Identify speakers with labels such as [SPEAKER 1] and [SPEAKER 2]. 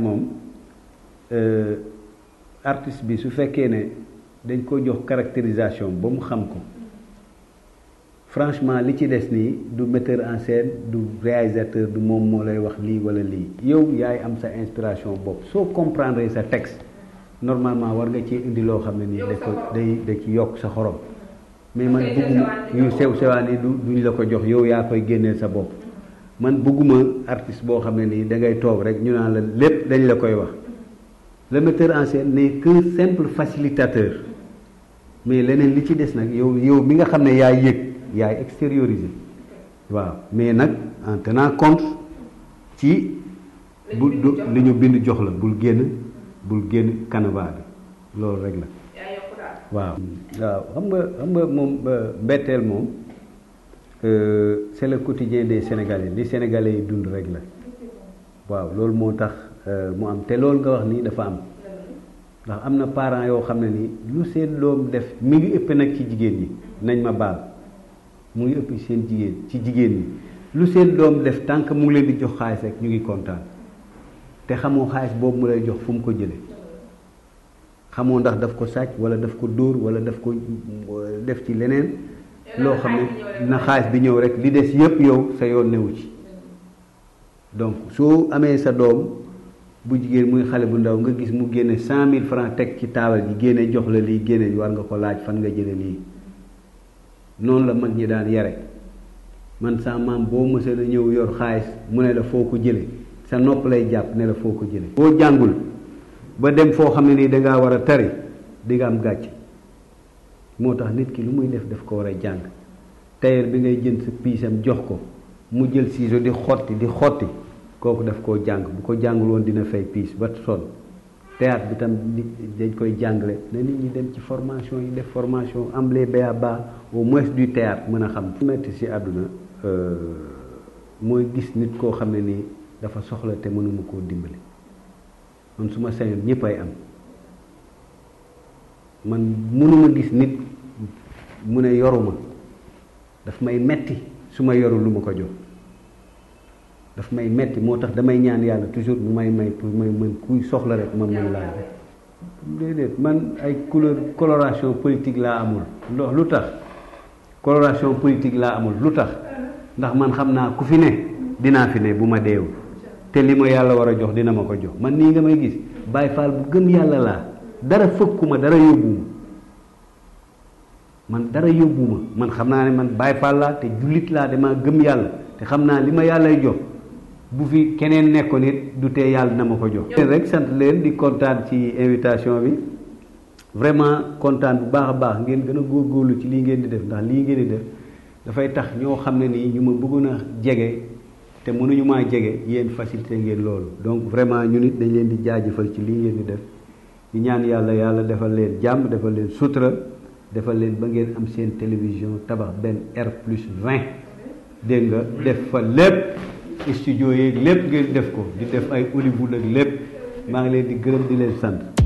[SPEAKER 1] moom euh, artiste bi su fekkee ne dañ ko caractérisation franchement li ci du metteur en scène du réalisateur du moom moo lay wax lii wala yow am sa inspiration bopp soo comprendre sa texte normalement war nga ci indi loo xam ne nii qui day mais man bëgguma yu sew sewaan yi du duñ la ko jox yow man bëgguma artiste boo xam ne nii da ngay toog rek ñu naan la lépp dañ la koy wax le metteur en scène n'est que simple facilitateur mais leneen li ci des nag yow yow mi nga xam ne yaay yëg yaay extériorisé waaw mais nag en na compte ci bu du li ñu bind jox la bul génn bul génn canevas loolu rek la waaw waaw xam nga moom euh, mbetteel moom Euh, c'est le quotidien des sénégalais Les sénégalais d'une règle ce waaw euh, am te nga wax les dafa am na parents yo ni, lu sen def mi ngi ci jigen nañ ma mu ci lu def tant que mu ngi leen di jox xaliss ak ñu ngi te xamoo xaliss mu lay jox fu ko jëlé. xamoo ndax daf ko sacc daf ko daf ko def ci leneen. loo xam ne na xaalis bi ñëw rek li des yëpp yow sa yoon newu ci donc soo amee sa doom bu jigéen muy xale bu ndaw nga gis mu génne cent mille francs teg ci taabal ji génne jox la lii génne war nga ko laaj fan nga jële lii noonu la mag ñi daan yare man sa maam boo mësee na ñëw yor xaalis mu ne la foo ko jële sa nopp lay jàpp ne la foo ko jële boo jàngul ba dem foo xam ne nii dangaa war a tari di am gàcce tax nit ki lu muy def daf ko a jang tayer bi ngay jënd sa piisam jox ko mu jël siiso di xotti di xotti kooku daf koo jàng bu ko jàngul woon dina fay piis ba son théâtre bi tam dañ koy jàngle na nit ñi dem ci formation yi def formation am les ba ba au moins du théâtre mën a xam metti si àdduna euh, mooy gis nit koo xam ne nii dafa soxla te mënuma koo dimbali man su ma sañoon ñëpp ay am man mënuma gis nit mu ne yoruma daf may metti su ma yoru lu ma ko jox daf may metti moo tax damay ñaan yàlla toujours bu may may pour may mën kuy soxla rek ma mën laa déedéet man ay couleur coloration politique laa amul ndox lu tax coloration politique laa amul lu tax ndax man xam naa ku fi ne dinaa fi ne bu ma deewu te li ma yàlla war a jox dina ma ko jox man nii nga may gis Baay Faal bu gëm yàlla laa dara fëkkuma dara yóbbuwuma man dara yóbbuwuma man xam naa ne man Baay Faal laa te jullit laa demaa gëm yàlla te xam naa li ma yàllay jox bu fi keneen nekkoon it du te yàlla na ma ko jox. rek sant leen di kontaan ci invitation bi vraiment kontaan bu baax a baax ngeen gën a góor góorlu ci lii ngeen di def ndax lii ngeen di def dafay tax ñoo xam ne nii ñu ma bëggoon a jege te mënuñu maa jege yéen facilité ngeen loolu donc vraiment ñu nit dañ leen di jaajëfal ci lii ngeen di def. Il ñaan yàlla yàlla defal leen jàmm defal leen sutura defal leen ba ngeen am seen télévision tabax benn R plus 20 dégg nga def fa lépp studio yeeg lépp ngeen def ko di def ay des ak lépp maa ngi leen di